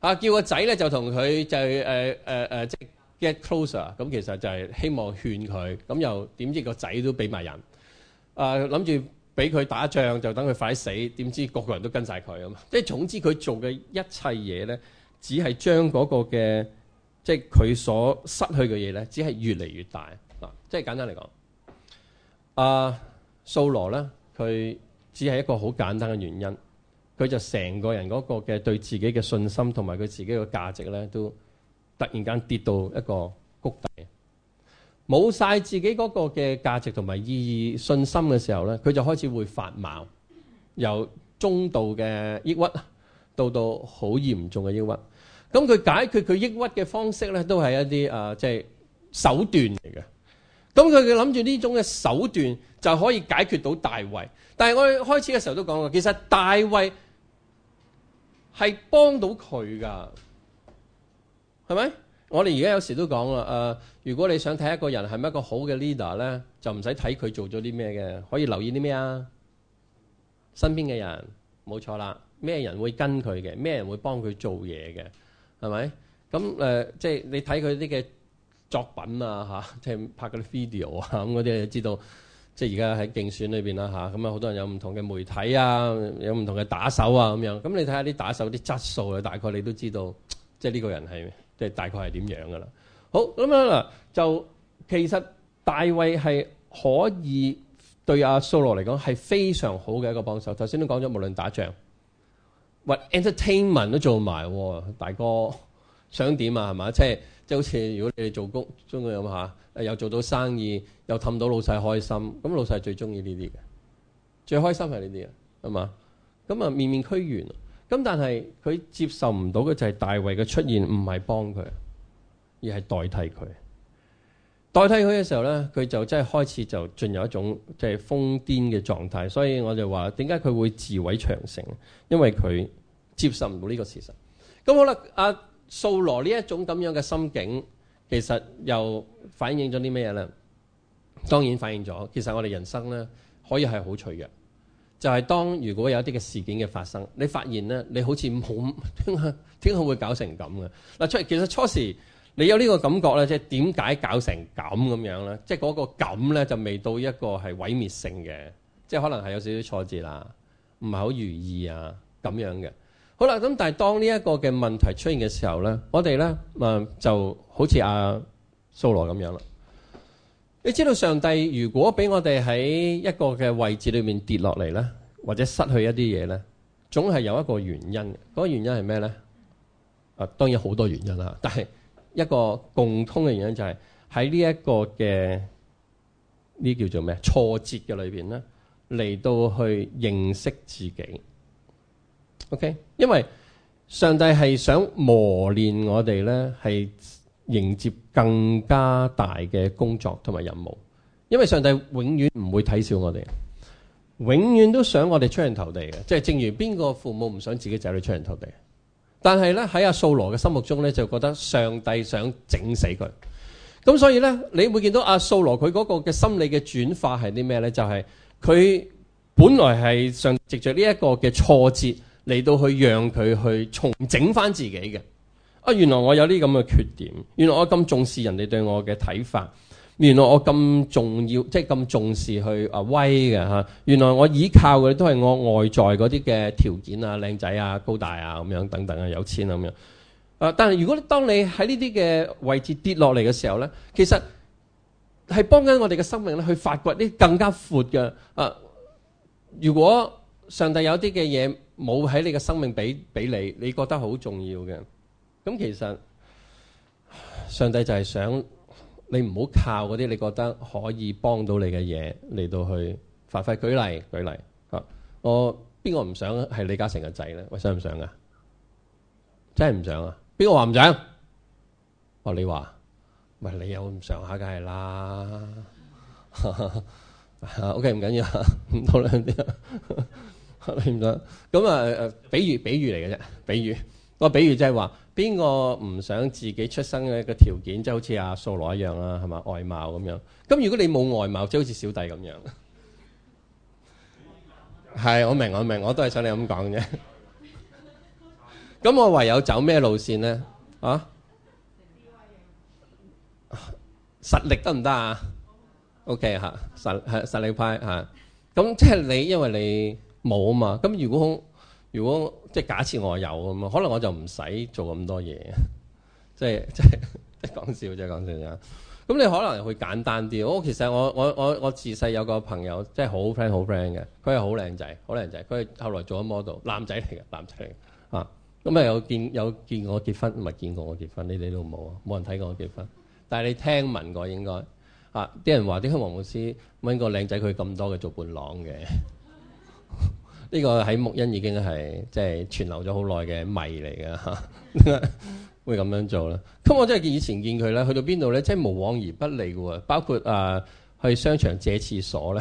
啊，叫個仔咧就同佢就係誒誒即 get closer，咁其實就係希望勸佢。咁又點知個仔都俾埋人？諗住俾佢打仗就等佢快死，點知個個人都跟晒佢啊嘛！即係總之佢做嘅一切嘢咧，只係將嗰個嘅。即係佢所失去嘅嘢呢，只係越嚟越大嗱。即係簡單嚟講，阿、啊、蘇羅呢，佢只係一個好簡單嘅原因，佢就成個人嗰個嘅對自己嘅信心同埋佢自己嘅價值呢，都突然間跌到一個谷底，冇晒自己嗰個嘅價值同埋意義信心嘅時候呢，佢就開始會發毛，由中度嘅抑鬱到到好嚴重嘅抑鬱。到到咁佢解決佢抑鬱嘅方式咧，都係一啲呃、即係手段嚟嘅。咁佢佢諗住呢種嘅手段就可以解決到大衛。但係我哋開始嘅時候都講過，其實大衛係幫到佢噶，係咪？我哋而家有時都講啦，呃，如果你想睇一個人係咪一個好嘅 leader 咧，就唔使睇佢做咗啲咩嘅，可以留意啲咩啊？身邊嘅人冇錯啦，咩人會跟佢嘅，咩人會幫佢做嘢嘅。係咪？咁誒、呃，即係你睇佢啲嘅作品啊，嚇、啊，即係拍嗰啲 video 啊，咁嗰啲你知道，即係而家喺競選裏邊啦，嚇，咁啊，好多人有唔同嘅媒體啊，有唔同嘅打手啊，咁、啊、樣。咁你睇下啲打手啲質素啊，大概你都知道，即係呢個人係即係大概係點樣㗎啦。好，咁樣嗱，就其實大衛係可以對掃羅嚟講係非常好嘅一個幫手。頭先都講咗，無論打仗。喂，entertainment 都做埋，大哥想點啊？係嘛？即係即係好似如果你哋做工中嘅咁下？又做到生意，又氹到老細開心，咁老細最中意呢啲嘅，最開心係呢啲嘅，係嘛？咁啊，面面俱圓。咁但係佢接受唔到嘅就係大衛嘅出現，唔係幫佢，而係代替佢。代替佢嘅時候呢，佢就真係開始就進入一種即係瘋癲嘅狀態，所以我就話點解佢會自毀長城，因為佢接受唔到呢個事實。咁好啦，阿、啊、素羅呢一種咁樣嘅心境，其實又反映咗啲咩呢？當然反映咗，其實我哋人生呢可以係好脆弱。就係、是、當如果有啲嘅事件嘅發生，你發現呢，你好似冇點解會搞成咁嘅嗱，其實初時。你有呢個感覺呢，即係點解搞成咁咁樣呢？即係嗰個咁呢，就未到一個係毀滅性嘅，即係可能係有少少挫折啦，唔係好如意啊咁樣嘅。好啦，咁但係當呢一個嘅問題出現嘅時候呢，我哋呢就好似阿掃羅咁樣啦。你知道上帝如果俾我哋喺一個嘅位置裏面跌落嚟呢，或者失去一啲嘢呢，總係有一個原因嗰、嗰個原因係咩呢？當、啊、當然好多原因啦，但係一個共通嘅原因就係喺呢一個嘅呢、這個、叫做咩挫折嘅裏邊咧，嚟到去認識自己。OK，因為上帝係想磨練我哋咧，係迎接更加大嘅工作同埋任務，因為上帝永遠唔會睇小看我哋，永遠都想我哋出人頭地嘅。即、就、係、是、正如邊個父母唔想自己仔女出人頭地？但係咧喺阿素羅嘅心目中咧就覺得上帝想整死佢，咁所以呢，你會見到阿素羅佢嗰個嘅心理嘅轉化係啲咩呢？就係、是、佢本來係想藉着呢一個嘅挫折嚟到去讓佢去重整翻自己嘅。啊，原來我有呢咁嘅缺點，原來我咁重視人哋對我嘅睇法。原來我咁重要，即係咁重視去啊威嘅吓。原來我依靠嘅都係我外在嗰啲嘅條件啊，靚仔啊，高大啊，咁樣等等啊，有錢啊咁樣。但係如果當你喺呢啲嘅位置跌落嚟嘅時候呢，其實係幫緊我哋嘅生命咧去發掘啲更加闊嘅。啊，如果上帝有啲嘅嘢冇喺你嘅生命俾俾你，你覺得好重要嘅，咁其實上帝就係想。你唔好靠嗰啲你覺得可以幫到你嘅嘢嚟到去發揮，繁複舉例舉例嚇。我邊個唔想係李嘉誠嘅仔咧？我想唔想啊？真係唔想啊！邊個話唔想？我你話，唔係你有咁上下，梗係啦。OK，唔緊要，唔到兩點，你唔想？咁啊，誒、 okay, 呃，比喻比喻嚟嘅啫，比喻個比、哦、比喻就係話。邊個唔想自己出生嘅一個條件，即係好似阿掃羅一樣啊，係嘛外貌咁樣？咁如果你冇外貌，即係好似小弟咁樣，係 我明我明，我都係想你咁講啫。咁 我唯有走咩路線呢？ 啊，實力得唔得啊？OK 嚇，實係實力派嚇。咁、啊、即係你，因為你冇啊嘛。咁如果，如果即係假設我有咁啊，可能我就唔使做咁多嘢，即係即係講笑，即係講笑啫。咁你可能會簡單啲。我其實我我我我自細有個朋友，即係好 friend 好 friend 嘅，佢係好靚仔，好靚仔。佢係後來做咗 model，男仔嚟嘅，男仔嚟嘅啊。咁啊有見有見我結婚，唔係見過我結婚。你哋都冇啊，冇人睇過我結婚。但係你聽聞過應該啊？啲人話點解黃老師搵個靚仔，佢咁多嘅做伴郎嘅。啊呢個喺木恩已經係即係傳流咗好耐嘅謎嚟㗎吓， 會咁樣做咧。咁我真係以前見佢咧，去到邊度咧，即係無往而不利嘅喎。包括啊、呃，去商場借廁所咧，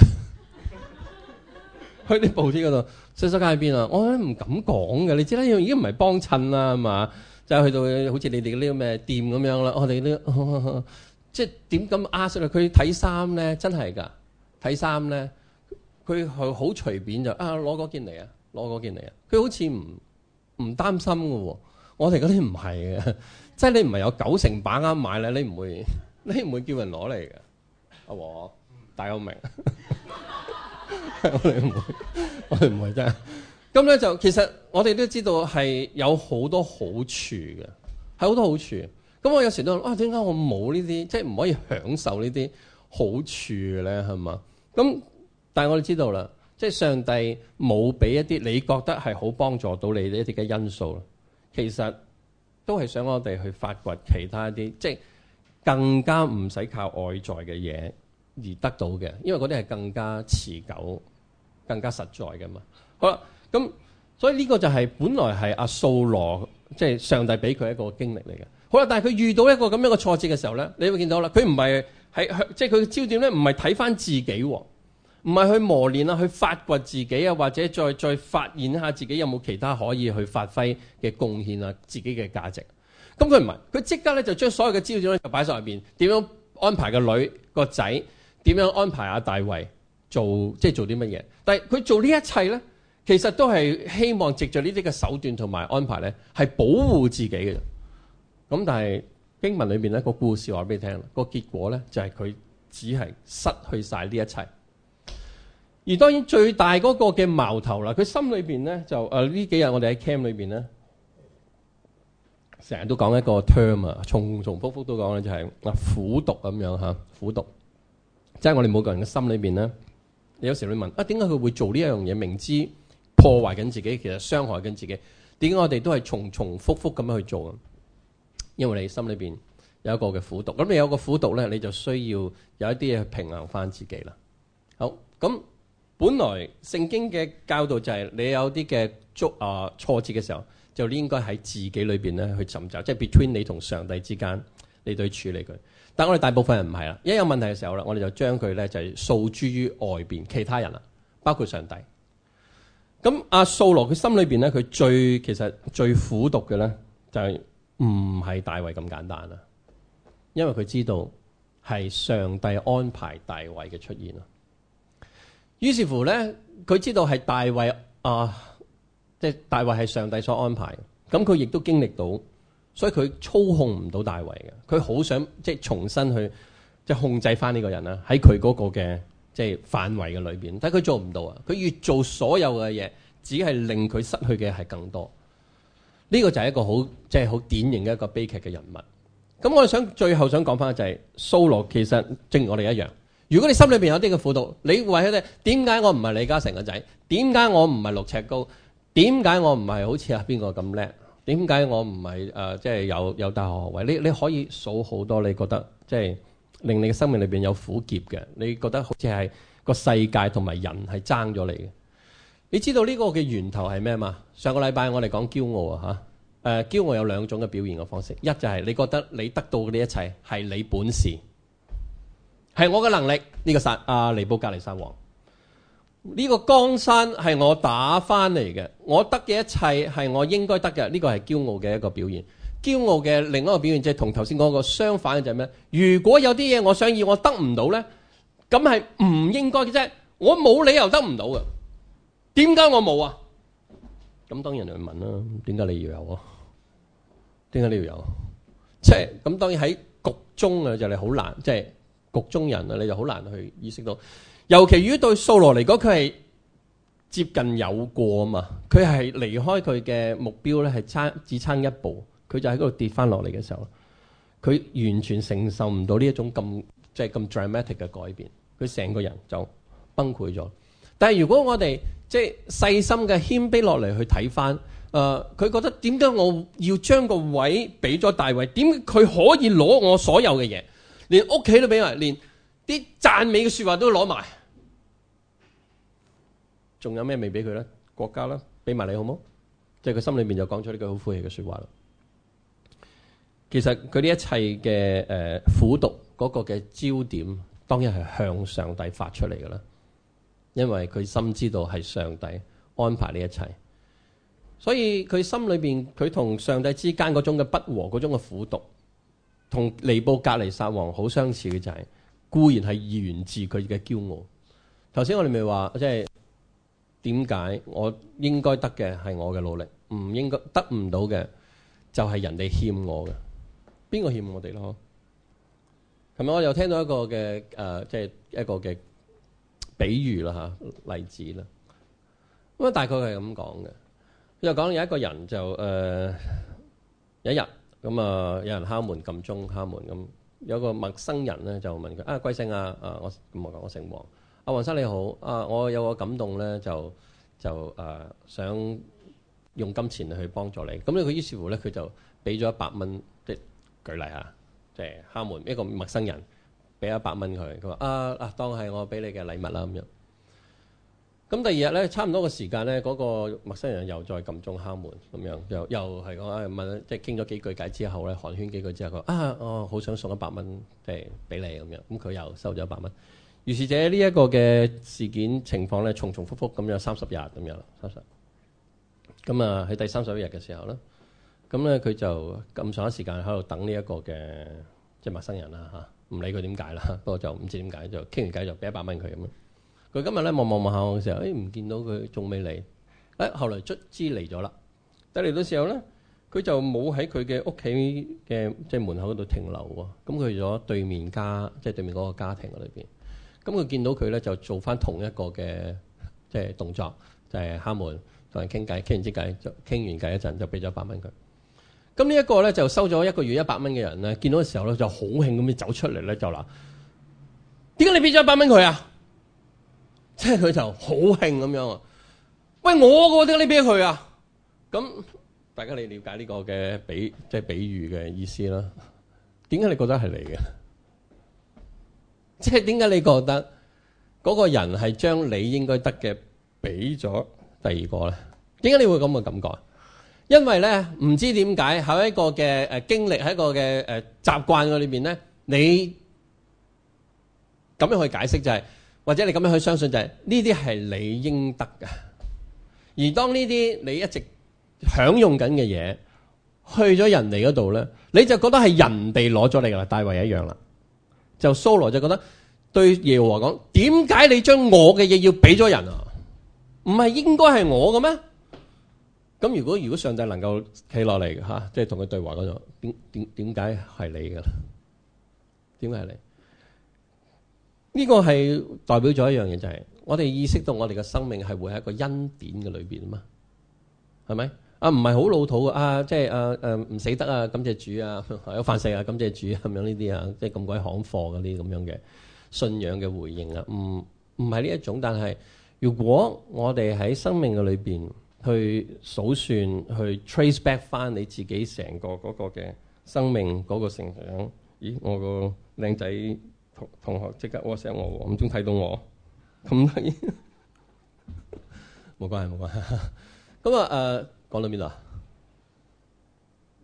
去啲部鐵嗰度，西西街喺邊啊？我咧唔敢講㗎，你知啦，已經唔係幫襯啦，係嘛？就係、是、去到好似你哋呢個咩店咁樣啦，我、哦、哋、哦、呢，即係點咁啊出嚟？佢睇衫咧，真係㗎，睇衫咧。佢係好隨便就啊攞嗰件嚟啊，攞嗰件嚟啊！佢好似唔唔擔心嘅喎，我哋嗰啲唔係嘅，即係你唔係有九成把握買咧，你唔會你唔會叫人攞嚟嘅，阿大有明，我哋唔會，我哋唔會真。咁咧就其實我哋都知道係有好多好處嘅，係好多好處。咁我有時都話啊，點解我冇呢啲？即係唔可以享受呢啲好處咧？係嘛？咁。但係我哋知道啦，即係上帝冇俾一啲你覺得係好幫助到你一啲嘅因素。其實都係想我哋去發掘其他一啲，即係更加唔使靠外在嘅嘢而得到嘅，因為嗰啲係更加持久、更加實在㗎嘛。好啦，咁所以呢個就係本來係阿掃羅即係上帝俾佢一個經歷嚟嘅。好啦，但係佢遇到一個咁樣嘅挫折嘅時候咧，你會見到啦，佢唔係喺即係佢嘅焦點咧，唔係睇翻自己啊。唔係去磨練啊，去發掘自己啊，或者再再發現下自己有冇其他可以去發揮嘅貢獻啊，自己嘅價值。咁佢唔係，佢即刻咧就將所有嘅資料咧就擺晒入邊，點樣安排個女個仔，點樣安排阿大衛做，即係做啲乜嘢？但係佢做呢一切呢，其實都係希望藉著呢啲嘅手段同埋安排呢，係保護自己嘅。咁但係經文裏邊呢個故事話俾你聽，個結果呢就係佢只係失去晒呢一切。而當然最大嗰個嘅矛頭啦，佢心裏邊咧就誒呢、啊、幾日我哋喺 camp 裏邊咧，成日都講一個 term 啊，重重復復都講咧，就係、是、啊苦毒咁樣嚇苦毒，即、就、係、是、我哋每個人嘅心裏邊咧，你有時候你問啊，點解佢會做呢一樣嘢？明知破壞緊自己，其實傷害緊自己，點解我哋都係重重復復咁樣去做啊？因為你心裏邊有一個嘅苦毒，咁你有個苦毒咧，你就需要有一啲嘢去平衡翻自己啦。好咁。那本來聖經嘅教導就係、是、你有啲嘅足啊挫折嘅時候，就應該喺自己裏邊咧去尋找，即、就、係、是、between 你同上帝之間，你對處理佢。但係我哋大部分人唔係啦，一有問題嘅時候啦，我哋就將佢咧就係訴諸於外邊其他人啦，包括上帝。咁阿掃羅佢心裏邊咧，佢最其實最苦毒嘅咧，就係唔係大衛咁簡單啦，因為佢知道係上帝安排大衛嘅出現啦。於是乎呢，佢知道係大衛啊，即係大衛係上帝所安排。咁佢亦都經歷到，所以佢操控唔到大衛嘅。佢好想即係重新去即係控制翻呢個人啦，喺佢嗰個嘅即係範圍嘅裏邊，但係佢做唔到啊！佢越做所有嘅嘢，只係令佢失去嘅係更多。呢個就係一個好即係好典型嘅一個悲劇嘅人物。咁我想最後想講翻嘅就係，掃羅其實正如我哋一樣。如果你心裏邊有啲嘅苦毒，你為咗點解我唔係李嘉誠嘅仔？點解我唔係六尺高？點解我唔係好似啊邊個咁叻？點解我唔係誒即係有有大學學位？你你可以數好多，你覺得即係、就是、令你嘅生命裏邊有苦澀嘅，你覺得好似係個世界同埋人係爭咗你嘅。你知道呢個嘅源頭係咩嘛？上個禮拜我哋講驕傲啊嚇，誒、呃、驕傲有兩種嘅表現嘅方式，一就係你覺得你得到嘅呢一切係你本事。係我嘅能力，呢、這個殺阿、啊、尼布甲尼撒王，呢、這個江山係我打翻嚟嘅，我得嘅一切係我應該得嘅，呢個係驕傲嘅一個表現。驕傲嘅另一個表現即係同頭先講個相反嘅就係咩？如果有啲嘢我想要我得唔到呢？咁係唔應該嘅啫。我冇理由得唔到嘅，點解我冇啊？咁當然就問啦，點解你要有啊？點解你要有？即係咁，就是、那當然喺局中啊，就你好難，即係。局中人啊，你就好難去意識到，尤其於對掃羅嚟講，佢係接近有過啊嘛，佢係離開佢嘅目標咧，係差只差一步，佢就喺嗰度跌翻落嚟嘅時候，佢完全承受唔到呢一種咁即係咁、就是、dramatic 嘅改變，佢成個人就崩潰咗。但係如果我哋即係細心嘅謙卑落嚟去睇翻，誒、呃，佢覺得點解我要將個位俾咗大衛，點解佢可以攞我所有嘅嘢？連屋企都俾埋，連啲讚美嘅說話都攞埋，仲有咩未俾佢咧？國家啦，俾埋你好冇？即係佢心裏面就講咗呢句好晦氣嘅說話啦。其實佢呢一切嘅誒苦毒嗰個嘅焦點，當然係向上帝發出嚟㗎啦，因為佢深知道係上帝安排呢一切，所以佢心裏面佢同上帝之間嗰種嘅不和，嗰種嘅苦毒。同尼布甲尼撒王好相似嘅就係、是、固然係源自佢嘅驕傲。頭先我哋咪話即係點解我應該得嘅係我嘅努力，唔應該得唔到嘅就係、是、人哋欠我嘅。邊個欠我哋咯？琴日我又聽到一個嘅誒，即、呃、係、就是、一個嘅比喻啦嚇，例子啦。咁大概係咁講嘅。佢就講有一個人就誒、呃、有一日。咁啊、嗯，有人敲門、撳鐘、敲門咁、嗯，有個陌生人咧就問佢：啊，貴姓啊？姓啊，我咁講我姓黃。阿黃生你好，啊，我有個感動咧，就就、啊、想用金錢去幫助你。咁咧佢於是乎咧，佢就俾咗一百蚊，即舉例下，即、就、係、是、敲門一個陌生人俾一百蚊佢，佢話：啊，嗱，當係我俾你嘅禮物啦咁樣咁第二日咧，差唔多個時間咧，嗰、那個陌生人又再撳鐘敲門，咁樣又又係講、哎，即係傾咗幾句偈之後咧，寒暄幾句之後，佢啊，哦，好想送一百蚊誒俾你咁樣，咁佢又收咗一百蚊。於是者呢一、這個嘅事件情況咧，重重複複咁樣三十日咁樣啦，三十。咁啊，喺第三十一日嘅時候咧，咁咧佢就咁長一時間喺度等呢一個嘅即係陌生人啦吓，唔理佢點解啦，不過就唔知點解就傾完偈就俾一百蚊佢咁樣。佢今日咧望望望下嘅時候，咦、哎、唔見到佢，仲未嚟。誒、哎，後來卒之嚟咗啦。但嚟到時候咧，佢就冇喺佢嘅屋企嘅即係門口嗰度停留喎。咁去咗對面家，即、就、係、是、對面嗰個家庭嗰裏邊。咁佢見到佢咧就做翻同一個嘅即係動作，就係、是、敲門同人傾偈，傾完偈就傾完偈一陣就俾咗一百蚊佢。咁呢一個咧就收咗一個月一百蚊嘅人咧，見到嘅時候咧就好興咁樣走出嚟咧就啦，點解你俾咗一百蚊佢啊？即係佢就好興咁樣，喂我嘅點解你俾佢啊？咁大家你了解呢個嘅比即係比喻嘅意思啦？點解你覺得係你嘅？即係點解你覺得嗰個人係將你應該得嘅俾咗第二個咧？點解你會咁嘅感覺？因為咧唔知點解喺一個嘅、呃、經歷喺一個嘅、呃、習慣嘅裏面咧，你咁樣去解釋就係、是。或者你咁樣去相信就係呢啲係你應得㗎。而當呢啲你一直享用緊嘅嘢去咗人哋嗰度咧，你就覺得係人哋攞咗你噶啦，大衛一樣啦，就掃羅就覺得對耶和華講：點解你將我嘅嘢要俾咗人啊？唔係應該係我嘅咩？咁如果如果上帝能夠企落嚟㗎，吓、啊，即係同佢對話嗰種，點點點解係你噶啦？點解係你？呢個係代表咗一樣嘢，就係我哋意識到我哋嘅生命係會喺一個恩典嘅裏邊啊嘛，係咪？啊，唔係好老土的啊，即係啊，誒、啊、唔死得啊，感謝主啊，有飯食啊，感謝主咁樣呢啲啊，即係咁鬼行貨嗰啲咁樣嘅信仰嘅回應啊，唔唔係呢一種。但係如果我哋喺生命嘅裏邊去數算，去 trace back 翻你自己成個嗰個嘅生命嗰、嗰個成長，咦，我個靚仔。同學即刻 WhatsApp 我，咁先睇到我咁得意，冇 關係，冇關係。咁啊，誒、呃、講到邊度啊？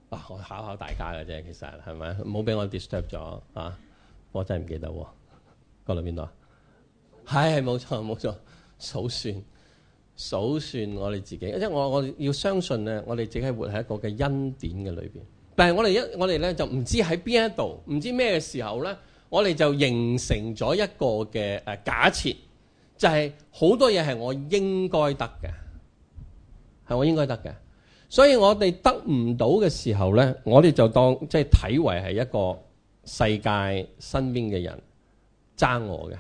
嗱，我考考大家嘅啫，其實係咪？唔好俾我 disturb 咗啊！我真係唔記得喎。講到邊度啊？係，冇錯，冇錯，錯。數算數算我哋自己，即係我我要相信咧，我哋自己係活喺一個嘅恩典嘅裏邊，但係我哋一我哋咧就唔知喺邊一度，唔知咩時候咧。我哋就形成咗一個嘅誒假設，就係、是、好多嘢，係我應該得嘅，係我應該得嘅。所以我哋得唔到嘅時候呢，我哋就當即係睇為係一個世界身邊嘅人爭我嘅。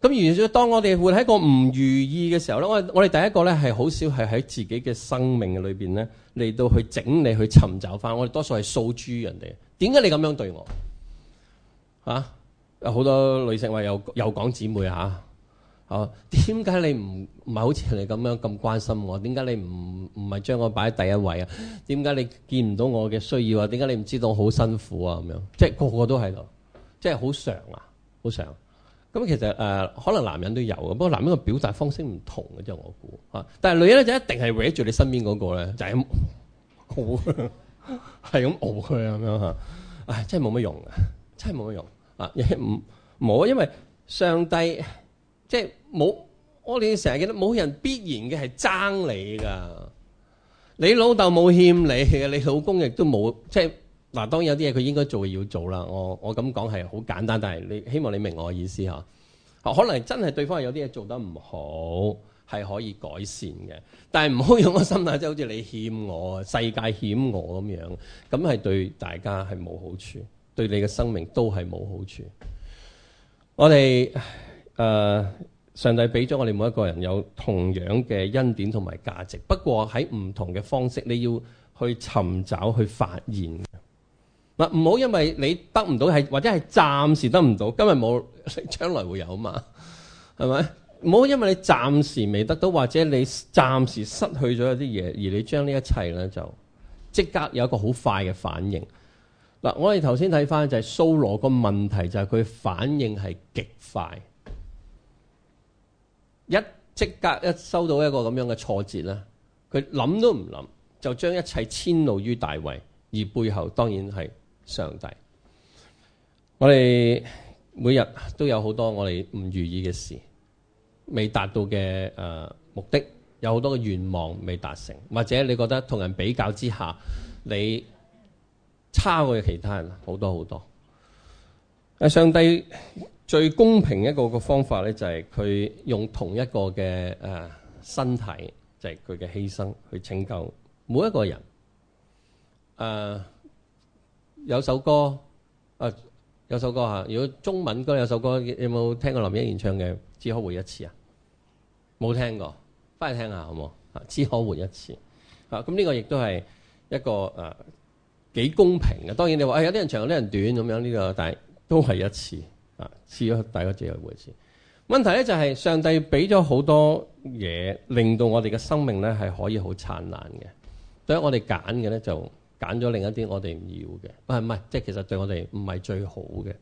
咁然之後，當我哋活喺個唔如意嘅時候呢，我我哋第一個呢係好少係喺自己嘅生命嘅裏邊呢嚟到去整理去尋找翻。我哋多數係訴諸人哋，點解你咁樣對我？啊！有好多女性話又又講姊妹嚇，哦、啊，點解你唔唔係好似你咁樣咁關心我？點解你唔唔係將我擺喺第一位啊？點解你見唔到我嘅需要啊？點解你唔知道我好辛苦啊？咁樣即係個個都係咯，即係好常啊，好常。咁其實誒、呃，可能男人都有嘅，不過男人嘅表達方式唔同嘅，即係我估嚇。但係女人就一定係搲住你身邊嗰個咧，就係咁敖佢，係咁敖佢咁樣嚇。唉、啊，真係冇乜用啊，真係冇乜用。啊，唔冇，因為上帝即係冇，我哋成日記得，冇人必然嘅係爭你噶，你老豆冇欠你嘅，你老公亦都冇，即係嗱，當然有啲嘢佢應該做嘅要做啦。我我咁講係好簡單，但係你希望你明我意思吓，可能真係對方有啲嘢做得唔好，係可以改善嘅，但係唔好用個心態即係好似你欠我、世界欠我咁樣，咁係對大家係冇好處。對你嘅生命都係冇好處。我哋誒、呃，上帝俾咗我哋每一個人有同樣嘅恩典同埋價值，不過喺唔同嘅方式，你要去尋找去發現。唔好因為你得唔到係，或者係暫時得唔到，今日冇，你將來會有嘛？係咪？唔好因為你暫時未得到，或者你暫時失去咗一啲嘢，而你將呢一切呢，就即刻有一個好快嘅反應。嗱，我哋頭先睇返就係掃羅個問題，就係佢反應係極快，一即刻一收到一個咁樣嘅挫折咧，佢諗都唔諗，就將一切遷怒於大衛，而背後當然係上帝。我哋每日都有好多我哋唔如意嘅事，未達到嘅誒目的，有好多嘅願望未達成，或者你覺得同人比較之下你。他過其他人好多好多，啊！上帝最公平一個嘅方法咧，就係佢用同一個嘅誒身體，就係佢嘅犧牲去拯救每一個人。誒、呃、有首歌誒、呃、有首歌嚇，如果中文歌有首歌，有冇聽過林憶蓮唱嘅《只可，可活一次》啊、呃？冇聽過，翻嚟聽下好唔好啊？《只可活一次》啊！咁呢個亦都係一個誒。呃幾公平嘅，當然你話誒、哎、有啲人長有啲人短咁樣呢個，但係都係一次啊，次啊，大家只係一次。問題咧就係、是、上帝俾咗好多嘢，令到我哋嘅生命咧係可以好燦爛嘅。對我哋揀嘅咧就揀咗另一啲我哋唔要嘅，唔係即係其實對我哋唔係最好嘅，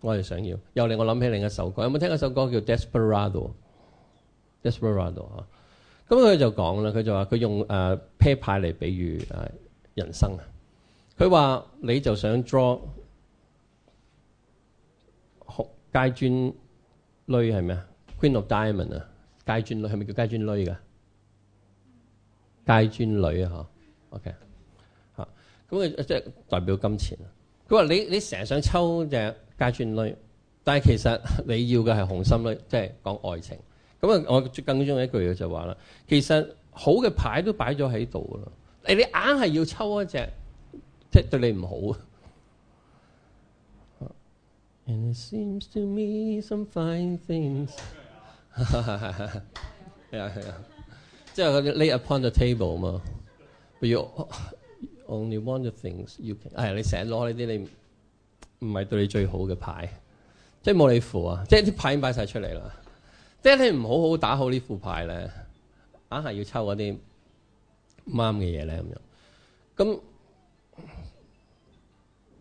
我哋想要又令我諗起另一首歌，有冇聽一首歌叫 Desperado？Desperado Des 啊，咁佢就講啦，佢就話佢用誒啤牌嚟比喻誒、呃、人生啊。佢話：他說你就想 draw 紅階磚女係咩啊？Queen of Diamond 啊，階磚女係咪叫階磚女嘅？階磚女啊，嚇，OK 啊，咁、嗯、啊，即係代表金錢。佢話：你你成日想抽隻階磚女，但係其實你要嘅係紅心女，即係講愛情。咁啊，我更中嘅一句嘅就話啦，其實好嘅牌都擺咗喺度啦，誒你硬係要抽一隻。即係對你唔好。and it seems to me some fine things 係啊係啊，即係佢 lay upon the table 嘛。不如 only one the things you can，哎，你成日攞呢啲你唔係對你最好嘅牌。即係冇你負啊！即係啲牌擺晒出嚟啦。即係你唔好好打好呢副牌咧，硬係要抽嗰啲唔啱嘅嘢咧咁樣。咁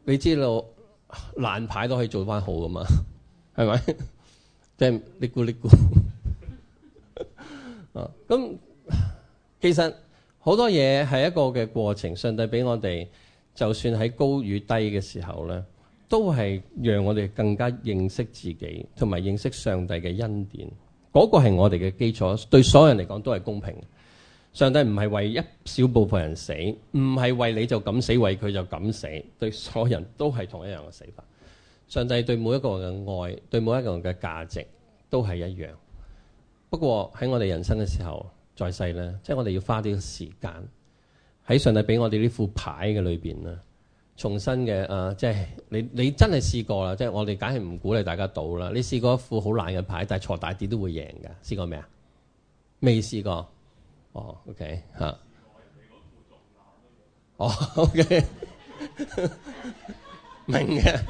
你知道爛牌都可以做翻好噶嘛？係咪？即係你咕叻咕咁，其實好多嘢係一個嘅過程，上帝俾我哋，就算喺高與低嘅時候咧，都係讓我哋更加認識自己，同埋認識上帝嘅恩典。嗰個係我哋嘅基礎，對所有人嚟講都係公平。上帝唔係為一小部分人死，唔係為你就咁死，為佢就咁死，對所有人都係同一樣嘅死法。上帝對每一個人嘅愛，對每一個人嘅價值都係一樣。不過喺我哋人生嘅時候，再世呢，即係我哋要花啲時間喺上帝俾我哋呢副牌嘅裏邊呢，重新嘅啊，即係你你真係試過啦，即係我哋梗係唔鼓勵大家賭啦。你試過一副好爛嘅牌，但係錯大啲都會贏噶，試過未啊？未試過。哦、oh,，OK，吓，哦，OK， 明嘅、啊，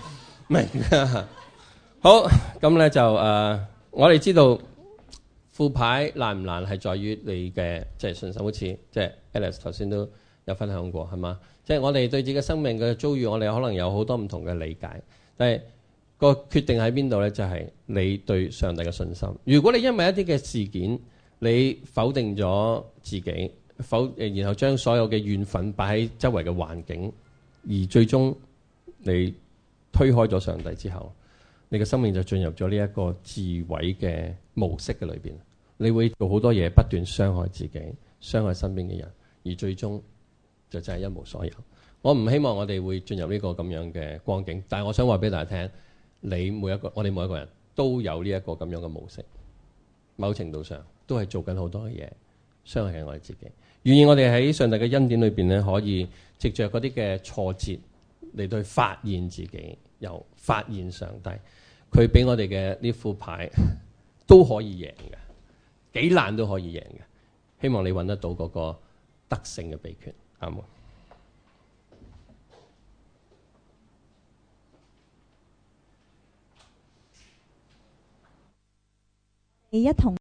明嘅、啊，好，咁咧就誒，uh, 我哋知道副牌難唔難係在於你嘅即係信心，好似即係 Alice 頭先都有分享過係嘛，即係、就是、我哋對自己嘅生命嘅遭遇，我哋可能有好多唔同嘅理解，但係個決定喺邊度咧，就係、是、你對上帝嘅信心。如果你因為一啲嘅事件，你否定咗自己，否，然後將所有嘅怨憤擺喺周圍嘅環境，而最終你推開咗上帝之後，你嘅生命就進入咗呢一個自毀嘅模式嘅裏邊，你會做好多嘢，不斷傷害自己，傷害身邊嘅人，而最終就真係一無所有。我唔希望我哋會進入呢個咁樣嘅光景，但係我想話俾大家聽，你每一個，我哋每一個人都有呢一個咁樣嘅模式，某程度上。都係做緊好多嘢，傷害係我哋自己。願意我哋喺上帝嘅恩典裏邊咧，可以藉着嗰啲嘅挫折嚟去發現自己，又發現上帝。佢俾我哋嘅呢副牌都可以贏嘅，幾難都可以贏嘅。希望你揾得到嗰個得勝嘅秘訣。啱喎，你一同。